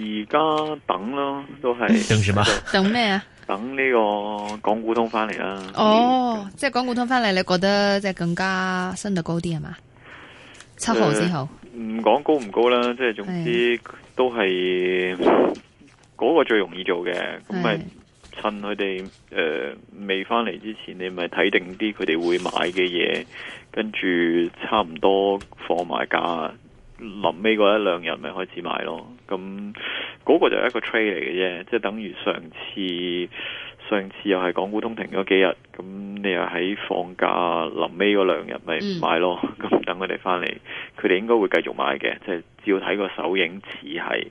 而家等咯，都係等咩啊？等呢個港股通翻嚟啦。哦，嗯嗯、即係港股通翻嚟，你覺得即係更加升得高啲係嘛？呃、七號之後唔講高唔高啦，即係總之都係嗰個最容易做嘅。咁咪、哎、趁佢哋誒未翻嚟之前，你咪睇定啲佢哋會買嘅嘢，跟住差唔多放埋價，臨尾嗰一兩日咪開始買咯。咁嗰個就係一個 trade 嚟嘅啫，即係等於上次上次又係港股通停咗幾日，咁你又喺放假臨尾嗰兩日咪唔買咯，咁等佢哋翻嚟，佢哋應該會繼續買嘅，即係照睇個手影似係，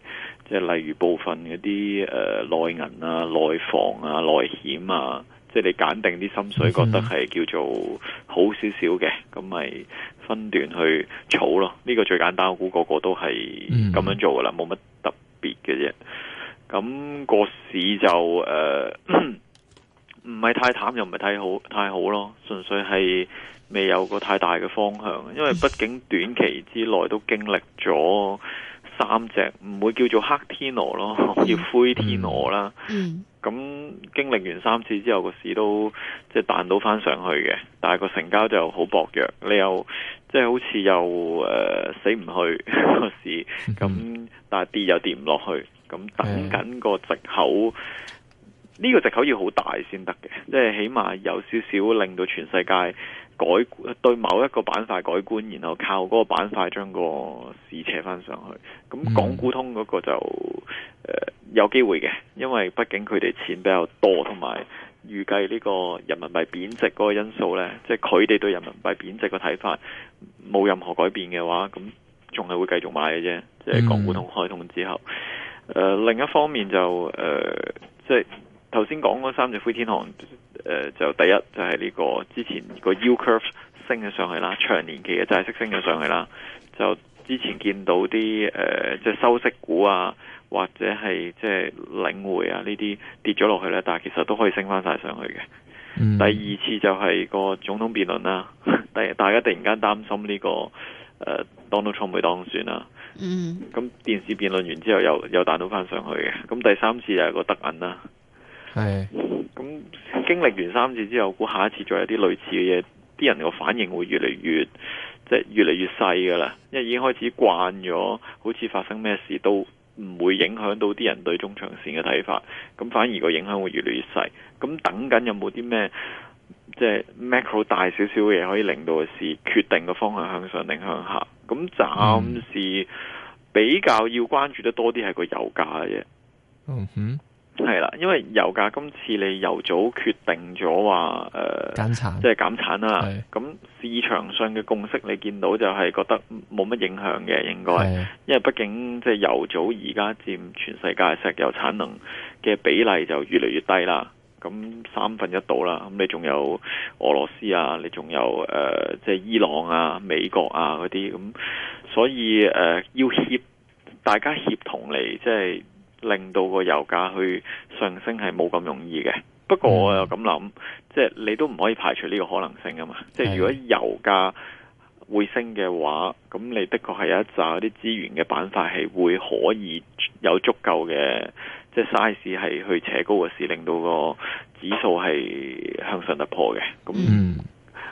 即係例如部分嗰啲誒內銀啊、內房啊、內險啊。即係你揀定啲心水，覺得係叫做好少少嘅，咁咪、嗯、分段去儲咯。呢、這個最簡單，我估個個都係咁樣做噶啦，冇乜特別嘅啫。咁、那個市就誒，唔、呃、係太淡又唔係太好，太好咯。純粹係未有個太大嘅方向，因為畢竟短期之內都經歷咗。三隻唔會叫做黑天鵝咯，叫灰天鵝啦。咁、嗯、經歷完三次之後，個市都即係彈到翻上去嘅，但係個成交就好薄弱。你又即係好似又誒、呃、死唔去個市，咁 那、嗯、但係跌又跌唔落去，咁、嗯嗯、等緊個藉口。呢、這個藉口要好大先得嘅，即係起碼有少少令到全世界。改對某一個板塊改觀，然後靠嗰個板塊將個市扯翻上去。咁港股通嗰個就、呃、有機會嘅，因為畢竟佢哋錢比較多，同埋預計呢個人民幣貶值嗰個因素呢，即係佢哋對人民幣貶值嘅睇法冇任何改變嘅話，咁仲係會繼續買嘅啫。即係港股通開通之後，呃、另一方面就誒、呃、即係頭先講嗰三隻灰天鵝。誒、呃、就第一就係、是、呢、這個之前個 U curve 升咗上去啦，長年期嘅債息升咗上去啦。就之前見到啲誒即係收息股啊，或者係即係領匯啊呢啲跌咗落去咧，但係其實都可以升翻晒上去嘅。嗯、第二次就係個總統辯論啦，第大家突然間擔心呢、這個誒、呃、Donald Trump 會當選啦。嗯，咁電視辯論完之後又又彈到翻上去嘅。咁第三次就係個德銀啦，係。咁經歷完三次之後，估下一次再有啲類似嘅嘢，啲人個反應會越嚟越，即係越嚟越細噶啦，因為已經開始慣咗，好似發生咩事都唔會影響到啲人對中長線嘅睇法，咁反而個影響會越嚟越細。咁等緊有冇啲咩即係 macro 大少少嘅嘢可以令到個市決定個方向向上定向下？咁暫時比較要關注得多啲係個油價嘅啫。嗯哼。嗯係啦，因為油價今次你油組決定咗話誒減產慘，即係減產啦。咁是的 市場上嘅共識你見到就係覺得冇乜影響嘅，應該，是的 因為畢竟即係油組而家占全世界石油產能嘅比例就越嚟越低啦。咁三分一度啦，咁你仲有俄羅斯啊，你仲有誒、呃、即係伊朗啊、美國啊嗰啲，咁所以誒、呃、要協大家協同嚟即係。令到個油價去上升係冇咁容易嘅。不過我又咁諗，嗯、即係你都唔可以排除呢個可能性啊嘛。即係如果油價會升嘅話，咁你的確係有一扎啲資源嘅板塊係會可以有足夠嘅即係 size 係去扯高個市，令到個指數係向上突破嘅。咁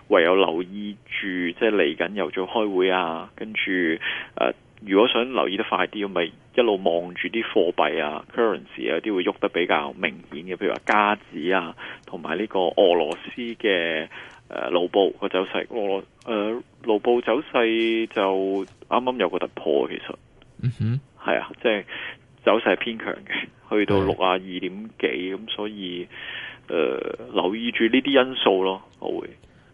唯有留意住，即係嚟緊油組開會啊，跟住誒。呃。如果想留意得快啲，咪一路望住啲貨幣啊、currency 啊啲會喐得比較明顯嘅，譬如話加紙啊，同埋呢個俄羅斯嘅誒盧布個走勢。俄誒盧布走勢就啱啱有個突破，其實，嗯哼，係啊，即係走勢係偏強嘅，去到六啊二點幾，咁、嗯嗯、所以誒、呃、留意住呢啲因素咯，我會。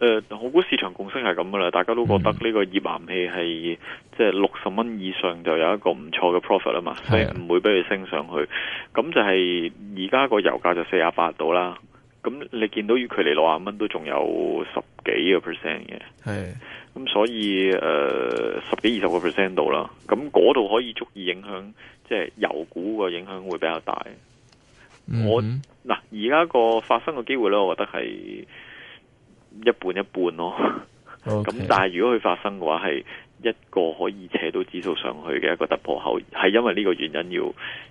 誒，好估、呃、市場共識係咁噶啦，大家都覺得呢個頁岩氣係即係六十蚊以上就有一個唔錯嘅 profit 啦嘛，所以唔、啊、會俾佢升上去。咁就係而家個油價就四啊八度啦。咁你見到與距離六啊蚊都仲有十幾個 percent 嘅，係咁、啊、所以誒、呃、十幾二十個 percent 度啦。咁嗰度可以足以影響，即係油股個影響會比較大。嗯、我嗱而家個發生個機會咧，我覺得係。一半一半咯，咁 Okay. 但係如果佢發生嘅話，係一個可以扯到指數上去嘅一個突破口，係因為呢個原因要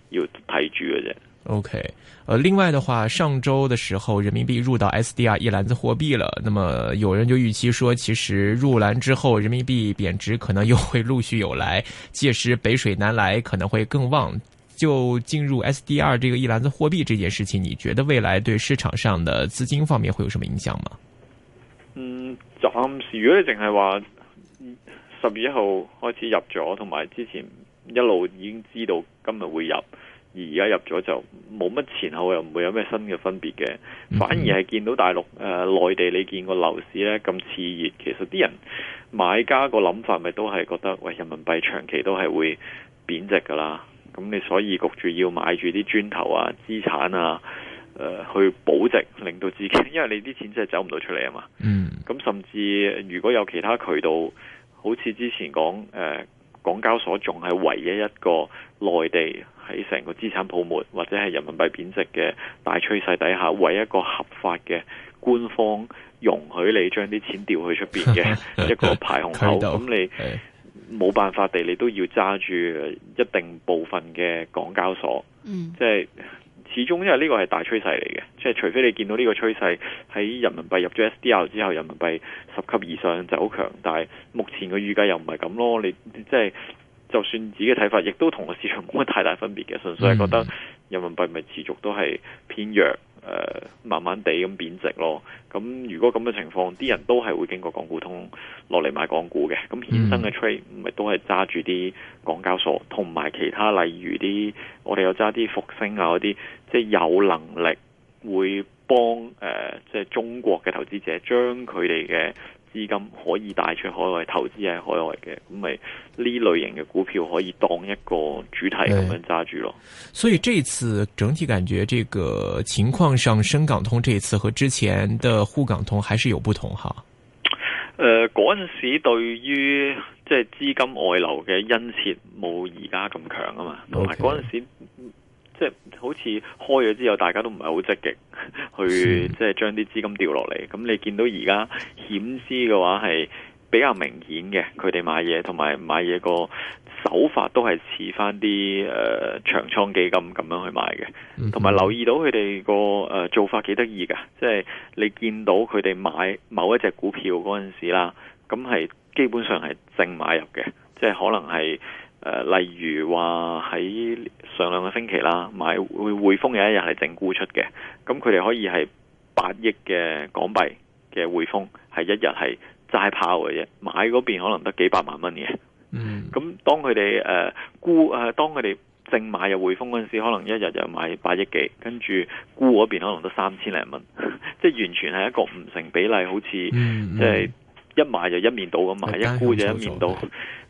要睇住嘅啫。OK，、呃、另外嘅話，上周嘅時候人民幣入到 SDR 一籃子貨幣了，那麼有人就預期說，其實入籃之後人民幣貶值可能又會陸續有來，屆時北水南來可能會更旺。就進入 SDR 這個一籃子貨幣這件事情，你覺得未來對市場上的資金方面會有什麼影響嗎？暫時，如果你淨係話十月一號開始入咗，同埋之前一路已經知道今日會入，而而家入咗就冇乜前後，又唔會有咩新嘅分別嘅。反而係見到大陸誒、呃、內地你見個樓市呢咁熾熱，其實啲人買家個諗法咪都係覺得，喂，人民幣長期都係會貶值㗎啦。咁你所以焗住要買住啲磚頭啊、資產啊。誒、呃、去保值，令到自己，因為你啲錢真係走唔到出嚟啊嘛。嗯。咁、嗯、甚至如果有其他渠道，好似之前講誒、呃、港交所仲係唯一一個內地喺成個資產泡沫或者係人民幣貶值嘅大趨勢底下，唯一一個合法嘅官方容許你將啲錢調去出邊嘅一個排洪口。咁 渠道你冇辦法地，你都要揸住一定部分嘅港交所。嗯、即係。始終因為呢個係大趨勢嚟嘅，即係除非你見到呢個趨勢喺人民幣入咗 SDR 之後，人民幣十級以上就好強，但係目前嘅預計又唔係咁咯。你即係就算自己嘅睇法，亦都同個市場冇乜太大，大分別嘅，純粹係覺得。人民幣咪持續都係偏弱，誒、呃、慢慢地咁貶值咯。咁如果咁嘅情況，啲人都係會經過港股通落嚟買港股嘅。咁衍生嘅 trade、er、咪都係揸住啲港交所，同埋其他例如啲我哋有揸啲復星啊嗰啲，即係、就是、有能力會幫誒，即、呃、係、就是、中國嘅投資者將佢哋嘅。資金可以帶出海外投資喺海外嘅，咁咪呢類型嘅股票可以當一個主題咁樣揸住咯。所以這次整體感覺，這個情況上深港通這次和之前的滬港通還是有不同哈。誒嗰陣時對於即係、就是、資金外流嘅殷切冇而家咁強啊嘛，同埋嗰陣時即係好似開咗之後，大家都唔係好積極。去即係將啲資金掉落嚟，咁你見到而家險資嘅話，係比較明顯嘅，佢哋買嘢同埋買嘢個手法都係似翻啲誒長倉基金咁樣去買嘅，同埋留意到佢哋個誒做法幾得意噶，即係你見到佢哋買某一隻股票嗰陣時啦，咁係基本上係正買入嘅，即係可能係。誒、呃，例如話喺上兩個星期啦，買匯匯豐有一日係淨沽出嘅，咁佢哋可以係八億嘅港幣嘅匯豐，係一日係齋炮嘅啫。買嗰邊可能得幾百萬蚊嘅。嗯，咁當佢哋誒沽，啊、當佢哋淨買入匯豐嗰陣時，可能一日又買八億幾，跟住沽嗰邊可能得三千零蚊， 即係完全係一個唔成比例，好似即係。嗯嗯嗯。一買就一面倒咁買，一沽就一面倒，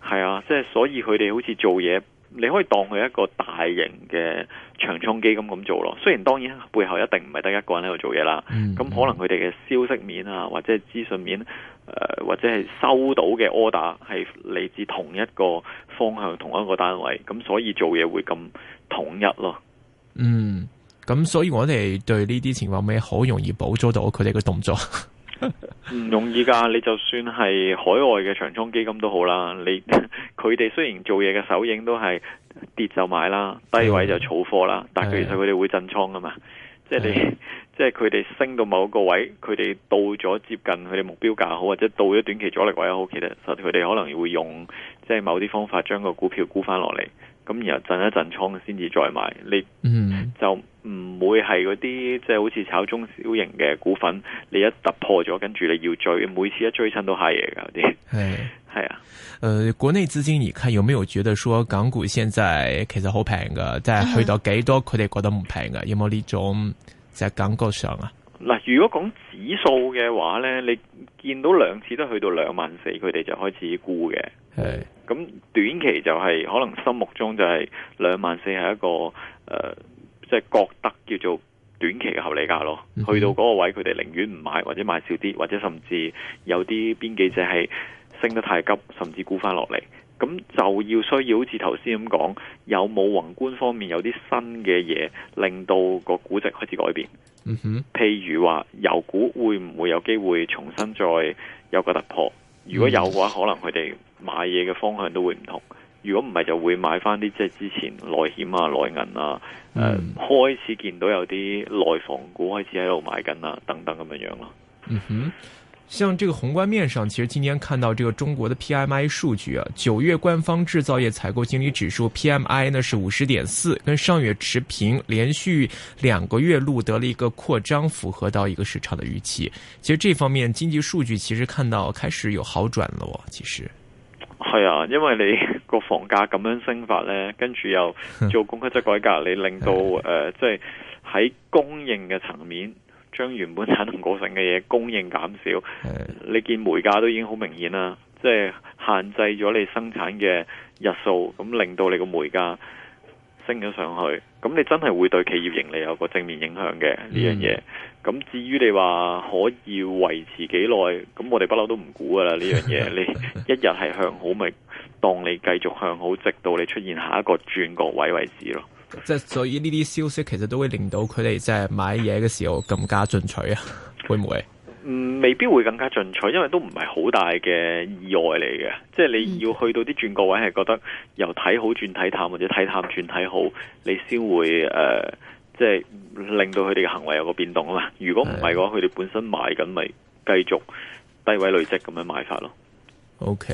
係啊，即係的所以佢哋好似做嘢，你可以當佢一個大型嘅長倉基金咁做咯。雖然當然背後一定唔係得一個人喺度做嘢啦，咁、嗯、可能佢哋嘅消息面啊，或者係資訊面，誒、呃，或者係收到嘅 order 係嚟自同一個方向同一個單位，咁所以做嘢會咁統一咯。嗯，咁所以我哋對呢啲情況咩好容易捕捉到佢哋嘅動作。唔 容易噶，你就算係海外嘅長倉基金都好啦，你佢哋雖然做嘢嘅手影都係跌就買啦，低位就儲貨啦，嗯、但係其實佢哋會震倉噶嘛，嗯、即係、嗯、即係佢哋升到某個位，佢哋到咗接近佢哋目標價好，或者到咗短期阻力位好，好其實佢哋可能會用即係某啲方法將個股票沽翻落嚟。咁然後震一震倉先至再買，你就唔會係嗰啲即係好似炒中小型嘅股份，你一突破咗跟住你要追，每次一追親都係嘅啲。係 係是啊，誒、呃，國內資金，而看有冇覺得說港股現在其實好平噶，即係去到幾多佢哋覺得唔平噶？有冇呢種就感覺上啊？嗱，如果講指數嘅話咧，你見到兩次都去到兩萬四，佢哋就開始沽嘅。係。咁短期就係、是、可能心目中就係兩萬四係一個誒即係覺得叫做短期嘅合理價咯。嗯、哼去到嗰個位，佢哋寧願唔買或者買少啲，或者甚至有啲邊幾隻係升得太急，甚至沽翻落嚟。咁就要需要好似頭先咁講，有冇宏觀方面有啲新嘅嘢，令到個估值開始改變？嗯哼，譬如話油股會唔會有機會重新再有個突破？如果有嘅話，可能佢哋買嘢嘅方向都會唔同。如果唔係，就會買翻啲即係之前內險啊、內銀啊，誒、嗯嗯、開始見到有啲內房股開始喺度買緊啊等等咁樣樣咯。嗯哼。像這個宏觀面上，其實今天看到這個中國的 PMI 數據啊，九月官方製造業採購經理指數 PMI 呢是五十點四，跟上月持平，連續兩個月錄得了一個擴張，符合到一個市場的預期。其實這方面經濟數據其實看到開始有好轉了哦。其實，係啊，因為你個房價咁樣升法呢，跟住又做供給側改革， 你令到呃，即係喺供應嘅層面。將原本產能過剩嘅嘢供應減少，的你見煤價都已經好明顯啦，即係限制咗你生產嘅日數，咁令到你個煤價升咗上去，咁你真係會對企業盈利有個正面影響嘅呢樣嘢。咁至於你話可以維持幾耐，咁我哋不嬲都唔估噶啦呢樣嘢。你一日係向好，咪當你繼續向好，直到你出現下一個轉角位為止咯。即係所以呢啲消息其實都會令到佢哋即係買嘢嘅時候更加進取啊？會唔會？嗯，未必會更加進取，因為都唔係好大嘅意外嚟嘅。即係你要去到啲轉角位，係覺得由睇好轉睇淡，或者睇淡轉睇好，你先會誒，呃，即係令到佢哋嘅行為有個變動啊嘛。如果唔係嘅話，佢哋是的 本身買緊，咪繼續低位累積咁樣買法咯。OK。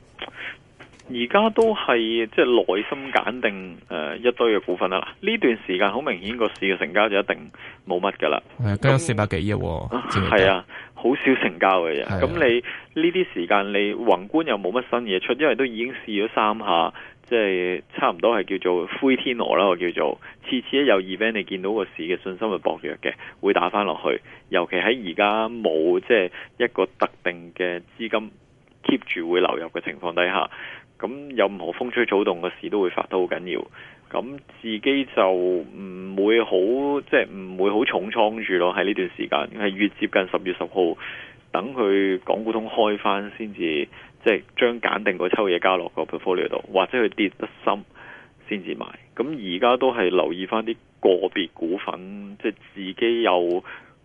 而家都係即係耐心揀定誒、呃、一堆嘅股份啦。呢段時間好明顯個市嘅成交就一定冇乜嘅啦，係跟、嗯、那四百幾億、哦，係那啊，好少成交嘅嘢。咁、啊啊、你呢啲時間你宏觀又冇乜新嘢出，因為都已經試咗三下，即係差唔多係叫做灰天鵝啦。我叫做次次一有 event，你見到個市嘅信心係薄弱嘅，會打翻落去。尤其喺而家冇即係一個特定嘅資金 keep 住會流入嘅情況底下。咁有任何風吹草動嘅事都會發得好緊要，咁自己就唔會好即係唔會好重倉住咯。喺呢段時間係越接近十月十號，等佢港股通開翻先至，即係將揀定個抽嘢加落個 portfolio 度，或者佢跌得深先至買。咁而家都係留意翻啲個別股份，即係自己有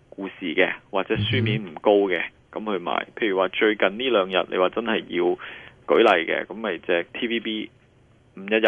故事嘅，或者書面唔高嘅，咁去買。譬如話最近呢兩日，你話真係要。舉例嘅咁，咪隻 TVB 五一日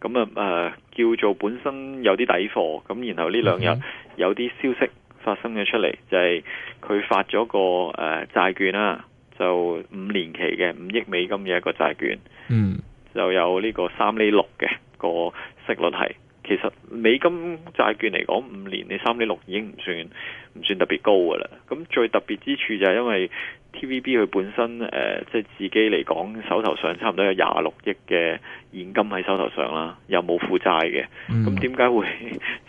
咁啊，誒叫做本身有啲底貨咁，然後呢兩日有啲消息發生咗出嚟，Okay. 就係佢發咗個誒、呃、債券啦、啊，就五年期嘅五億美金嘅一個債券，嗯，mm. 就有呢個三厘六嘅、嘅個息率係，其實美金債券嚟講五年你三厘六已經唔算唔算特別高㗎啦，咁最特別之處就係因為。TVB 佢本身誒、呃，即係自己嚟講，手頭上差唔多有廿六億嘅現金喺手頭上啦，又冇負債嘅。咁點解會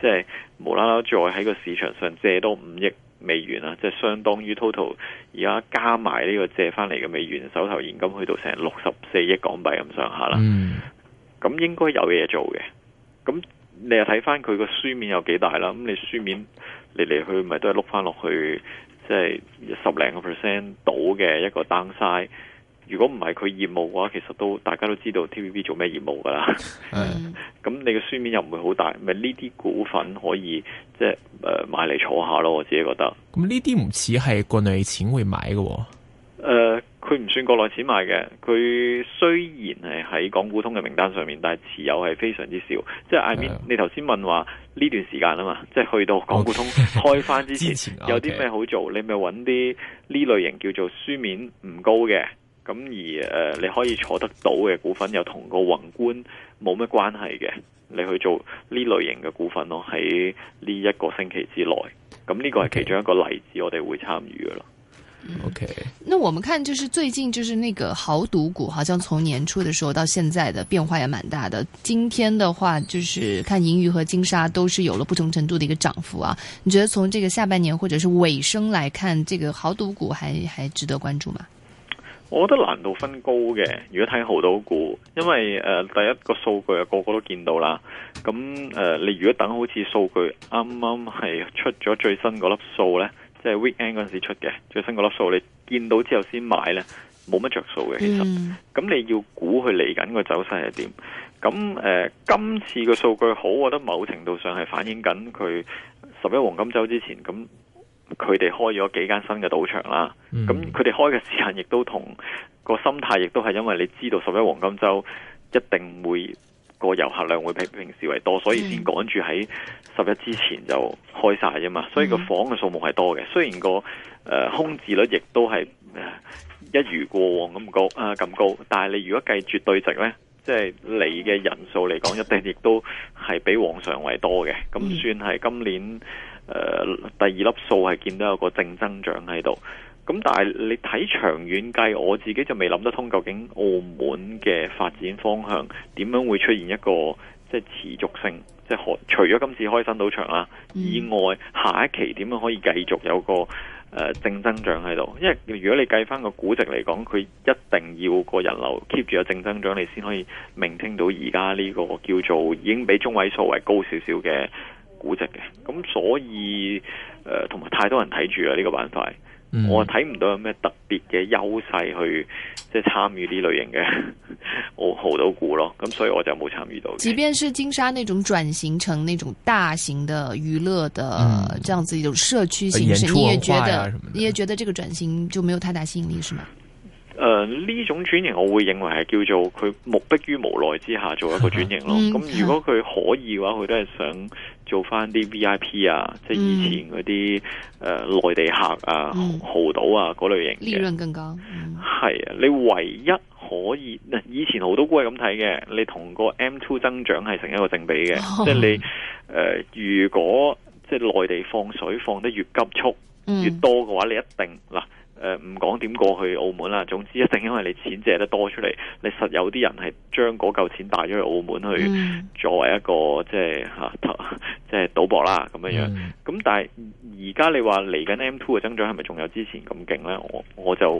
即係無啦啦再喺個市場上借多五億美元啊？即係相當於 total 而家加埋呢個借翻嚟嘅美元手頭現金去到成六十四億港幣咁上下啦。咁、嗯、應該有嘢做嘅。咁你又睇翻佢個書面有幾大啦？咁你書面嚟嚟去去咪都係碌翻落去。即係十零個 percent 到嘅一個 downside，如果唔係佢業務嘅話，其實都大家都知道 TVB 做咩業務噶啦。咁你嘅書面又唔會好大，咪呢啲股份可以即係誒、呃、買嚟坐下咯。我自己覺得。咁呢啲唔似係國內錢會買嘅喎、哦。誒，佢唔、呃、算國內錢買嘅。佢雖然係喺港股通嘅名單上面，但係持有係非常之少。即係 I mean, Yeah. 你頭先問話呢段時間啊嘛，即係去到港股通、oh. 開翻之前，之前有啲咩好做？Okay. 你咪揾啲呢類型叫做書面唔高嘅，咁而誒、呃、你可以坐得到嘅股份，又同個宏觀冇咩關係嘅，你去做呢類型嘅股份咯。喺呢一個星期之內，咁呢個係其中一個例子我，Okay. 我哋會參與嘅咯。OK，那我們看就是最近就是那個豪賭股，好像從年初的時候到現在的變化也蠻大的。今天的話，就是看銀娛和金沙都是有了不同程度的一個漲幅啊。你覺得從這個下半年或者是尾聲來看，這個豪賭股還還值得關注嗎？我覺得難度分高嘅，如果睇豪賭股，因為誒、呃、第一個數據個個都見到啦。咁誒、呃，你如果等好似數據啱啱係出咗最新嗰粒數咧。即係 weekend 嗰陣時出嘅最新個粒數，你見到之後先買呢，冇乜着數嘅。其實咁、嗯、你要估佢嚟緊個走勢係點咁誒？今次個數據好，我覺得某程度上係反映緊佢十一黃金週之前咁，佢哋開咗幾間新嘅賭場啦。咁佢哋開嘅時間亦都同、嗰個心態，亦都係因為你知道十一黃金週一定會。個遊客量會比平時為多，所以先趕住喺十一之前就開晒啫嘛。所以個房嘅數目係多嘅，雖然個誒空置率亦都係一如過往咁高啊咁高，但係你如果計絕對值呢，即係你嘅人數嚟講一定亦都係比往常為多嘅，咁算係今年誒第二粒數係見到有個正增長喺度。咁但係你睇長遠計，我自己就未諗得通究竟澳門嘅發展方向點樣會出現一個即係持續性，即係除咗今次開新賭場啦以外，下一期點樣可以繼續有個誒、呃、正增長喺度？因為如果你計翻個估值嚟講，佢一定要個人流 keep 住有正增長，你先可以明聽到而家呢個叫做已經比中位數位高少少嘅估值嘅。咁所以誒，同、呃、埋太多人睇住啊呢個板塊。嗯、我睇唔到有咩特別嘅優勢去即係參與呢類型嘅 我濠賭股咯，咁所以我就冇參與到。即便是金沙那種轉型成那種大型嘅娛樂的這樣子一種社區形式，嗯、你也覺得、嗯、你也覺得這個轉型就沒有太大吸引力，嗯、是嗎？誒，呢、呃、種轉型我會認為係叫做佢目逼於無奈之下做一個轉型咯。咁、啊嗯、如果佢可以嘅話，佢都係想做翻啲 V I P 啊，即係以前嗰啲誒內地客啊、嗯、豪賭啊嗰類型，嘅。利潤更高、嗯、係啊，你唯一可以以前豪賭股係咁睇嘅，你同個 M two 增長係成一個正比嘅。哦嗯、即係你誒、呃，如果即係內地放水放得越急速越多嘅話、嗯、話，你一定嗱。誒唔講點過去澳門啦，總之一定因為你錢借得多出嚟，你實有啲人係將嗰嚿錢帶咗去澳門去作為一個、嗯、即係嚇、啊、即係賭博啦咁樣樣。咁、嗯、但係而家你話嚟緊 M2 嘅增長係咪仲有之前咁勁呢？我我就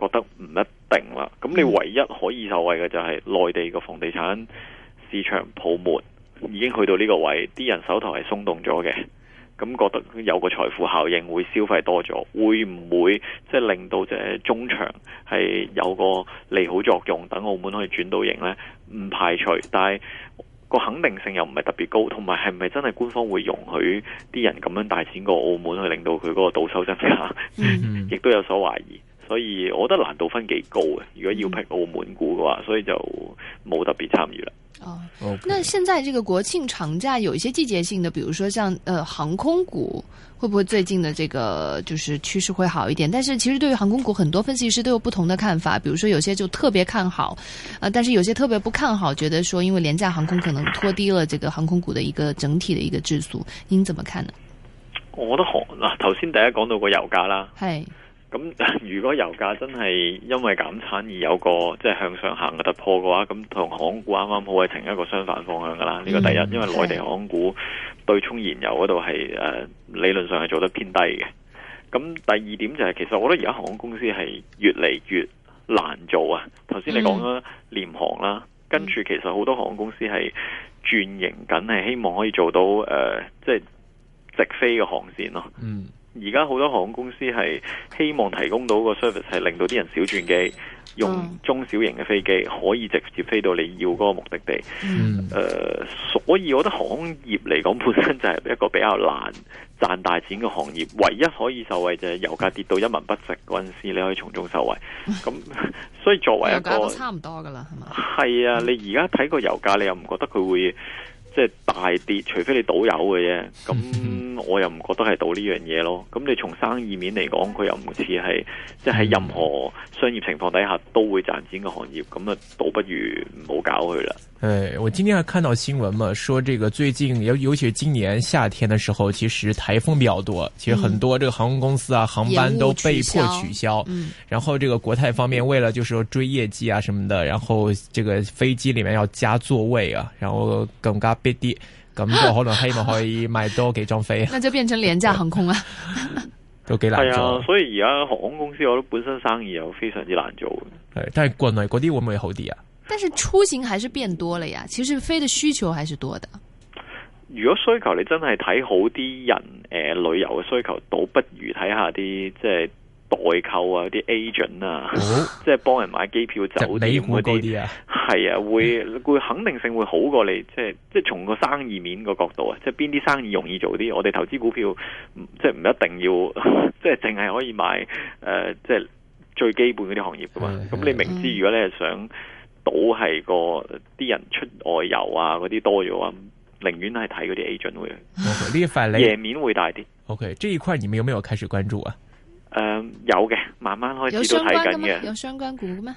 覺得唔一定啦。咁你唯一可以受惠嘅就係內地個房地產市場泡沫已經去到呢個位，啲人手頭係鬆動咗嘅。咁覺得有個財富效應會消費多咗，會唔會即係令到即係中場係有個利好作用，等澳門可以轉到型呢？唔排除，但係個肯定性又唔係特別高，同埋係唔係真係官方會容許啲人咁樣帶錢過澳門去令到佢嗰個賭收增加，亦 都有所懷疑。所以我覺得難度分幾高嘅，如果要評澳門股嘅話，所以就冇特別參與啦。哦，oh, okay. 那現在這個國慶長假有一些季節性的，比如說像，呃，航空股會不會最近的這個就是趨勢會好一點？但是其實對於航空股，很多分析師都有不同的看法，比如說有些就特別看好，呃，但是有些特別不看好，覺得說因為廉價航空可能拖低了這個航空股的一個整體的一個質素。您怎麼看呢？我覺得好。嗱頭先大家講到個油價啦，係。Hey. 咁如果油價真係因為減產而有個即係、就是、向上行嘅突破嘅話，咁同航空股啱啱好係呈一個相反方向噶啦。呢個、嗯、第一，因為內地航空股對沖燃油嗰度係誒理論上係做得偏低嘅。咁第二點就係、是，其實我覺得而家航空公司係越嚟越難做啊。頭先你講咗廉航啦，嗯、跟住其實好多航空公司係轉型緊，係希望可以做到誒、呃、即係直飛嘅航線咯。嗯。而家好多航空公司係希望提供到個 service，係令到啲人少轉機，用中小型嘅飛機可以直接飛到你要嗰個目的地。誒、嗯呃，所以我覺得航空業嚟講，本身就係一個比較難賺大錢嘅行業。唯一可以受惠就係油價跌到一文不值嗰陣時，你可以從中受惠。咁 所以作為一個油價都差唔多噶啦，係嘛？係啊，你而家睇個油價，你又唔覺得佢會？即係大跌，除非你賭友嘅啫。咁我又唔覺得係賭呢樣嘢咯。咁你從生意面嚟講，佢又唔似係，即係喺任何商業情況底下都會賺錢嘅行業。咁啊，倒不如唔好搞佢啦。誒、嗯，我今天還看到新聞嘛，說這個最近尤尤其是今年夏天的時候，其實颱風比較多，其實很多這個航空公司啊，航班都被迫取消。取消，然後這個國泰方面為了就是說追業績啊什麼的，然後這個飛機裏面要加座位啊，然後更加逼啲，咁就可能希望可以賣多幾張飛。 那就變成廉價航空啊。 都幾難做。啊、哎，所以而家航空公司我都本身生意又非常之難做。係、嗯，但係國內嗰啲會唔會好啲啊？但是出行還是變多了呀，其實飛的需求還是多的。如果需求你真係睇好啲人，誒、呃、旅遊嘅需求，倒不如睇下啲即係代購啊，啲 agent 啊，哦、即係幫人買機票、酒店嗰啲啊，係啊，會會肯定性會好過你，即係即係從個生意面個角度啊，即係邊啲生意容易做啲，我哋投資股票，即係唔一定要，即係淨係可以買誒、呃，即係最基本嗰啲行業㗎嘛，咁的的你明知如果你係想。都係個啲人出外遊啊，嗰啲多咗啊，寧願係睇嗰啲 agent 會。呢一塊呢夜面會大啲。O K，呢一塊你們有冇開始關注啊？誒、呃，有嘅，慢慢開始都睇緊嘅。有相關股咩？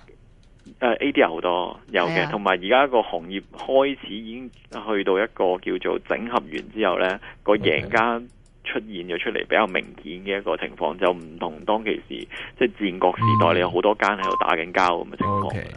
誒，A D 有好多，有嘅。同埋而家個行業開始已經去到一個叫做整合完之後咧，Okay 個贏家出現咗出嚟，比較明顯嘅一個情況，就唔同當其時即係、就是、戰國時代，你、嗯、有好多間喺度打緊交咁嘅情況。Okay